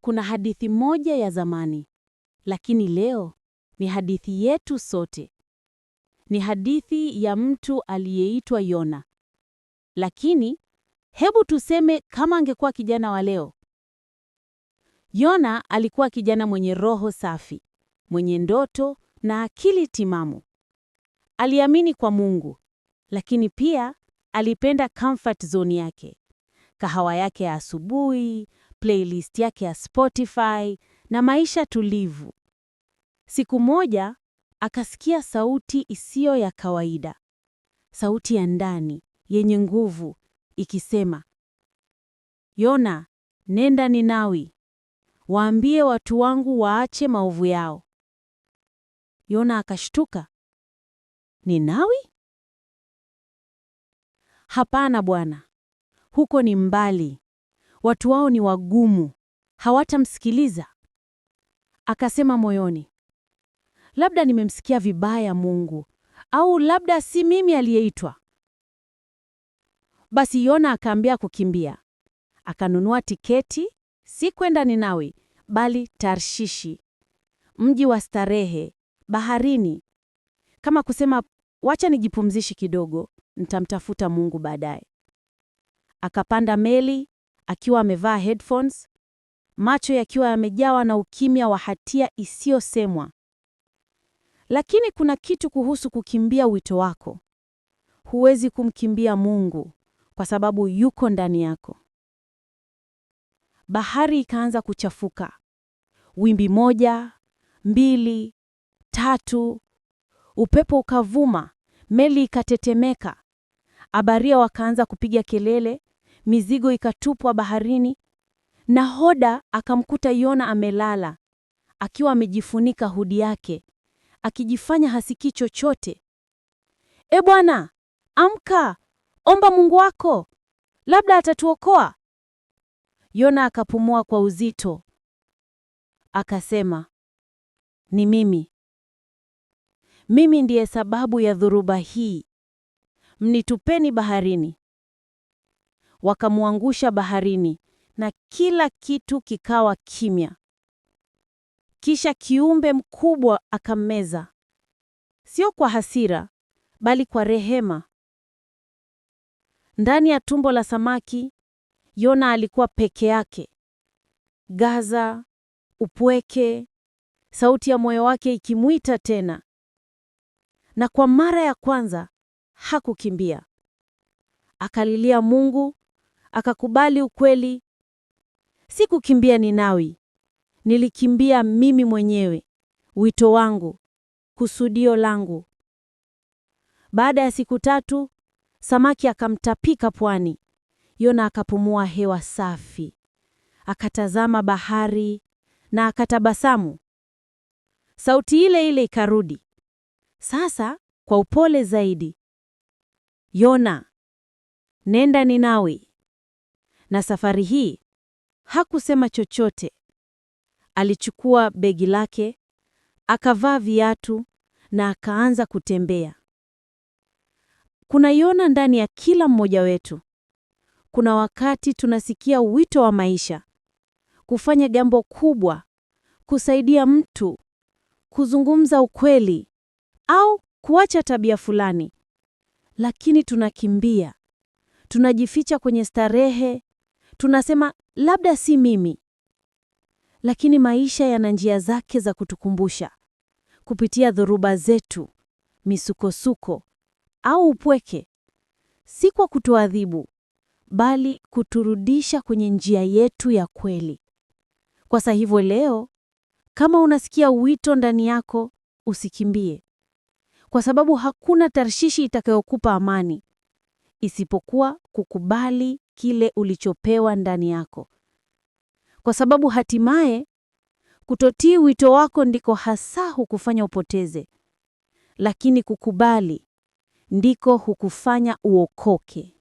Kuna hadithi moja ya zamani, lakini leo ni hadithi yetu sote. Ni hadithi ya mtu aliyeitwa Yona. Lakini hebu tuseme kama angekuwa kijana wa leo. Yona alikuwa kijana mwenye roho safi, mwenye ndoto na akili timamu. Aliamini kwa Mungu, lakini pia alipenda comfort zone yake, kahawa yake ya asubuhi, playlist yake ya Spotify na maisha tulivu. Siku moja akasikia sauti isiyo ya kawaida, sauti ya ndani yenye nguvu ikisema, Yona, nenda Ninawi, waambie watu wangu waache maovu yao. Yona akashtuka. Ninawi? Hapana bwana, huko ni mbali watu wao ni wagumu, hawatamsikiliza. Akasema moyoni, labda nimemsikia vibaya Mungu, au labda si mimi aliyeitwa. Basi Yona akaambia kukimbia, akanunua tiketi, si kwenda Ninawi bali Tarshishi, mji wa starehe baharini, kama kusema wacha nijipumzishi kidogo, nitamtafuta Mungu baadaye. Akapanda meli akiwa amevaa headphones, macho yakiwa yamejawa na ukimya wa hatia isiyosemwa. Lakini kuna kitu kuhusu kukimbia wito wako. Huwezi kumkimbia Mungu kwa sababu yuko ndani yako. Bahari ikaanza kuchafuka. Wimbi moja, mbili, tatu. Upepo ukavuma, meli ikatetemeka. Abaria wakaanza kupiga kelele, mizigo ikatupwa baharini. Nahoda akamkuta Yona amelala akiwa amejifunika hudi yake, akijifanya hasikii chochote. E Bwana, amka, omba Mungu wako, labda atatuokoa. Yona akapumua kwa uzito, akasema, ni mimi. Mimi ndiye sababu ya dhuruba hii. Mnitupeni baharini wakamwangusha baharini na kila kitu kikawa kimya. Kisha kiumbe mkubwa akammeza, sio kwa hasira, bali kwa rehema. Ndani ya tumbo la samaki, Yona alikuwa peke yake. Gaza, upweke, sauti ya moyo wake ikimwita tena. Na kwa mara ya kwanza hakukimbia. Akalilia Mungu akakubali ukweli. Sikukimbia Ninawi, nilikimbia mimi mwenyewe, wito wangu, kusudio langu. Baada ya siku tatu, samaki akamtapika pwani. Yona akapumua hewa safi, akatazama bahari na akatabasamu. Sauti ile ile ikarudi, sasa kwa upole zaidi. Yona, nenda Ninawi na safari hii hakusema chochote. Alichukua begi lake, akavaa viatu na akaanza kutembea. Kunaiona ndani ya kila mmoja wetu. Kuna wakati tunasikia wito wa maisha, kufanya jambo kubwa, kusaidia mtu, kuzungumza ukweli au kuacha tabia fulani, lakini tunakimbia, tunajificha kwenye starehe, Tunasema labda si mimi. Lakini maisha yana njia zake za kutukumbusha kupitia dhoruba zetu, misukosuko au upweke, si kwa kutuadhibu, bali kuturudisha kwenye njia yetu ya kweli. Kwa sasa hivyo, leo kama unasikia wito ndani yako, usikimbie, kwa sababu hakuna tarshishi itakayokupa amani isipokuwa kukubali kile ulichopewa ndani yako, kwa sababu hatimaye kutotii wito wako ndiko hasa hukufanya upoteze, lakini kukubali ndiko hukufanya uokoke.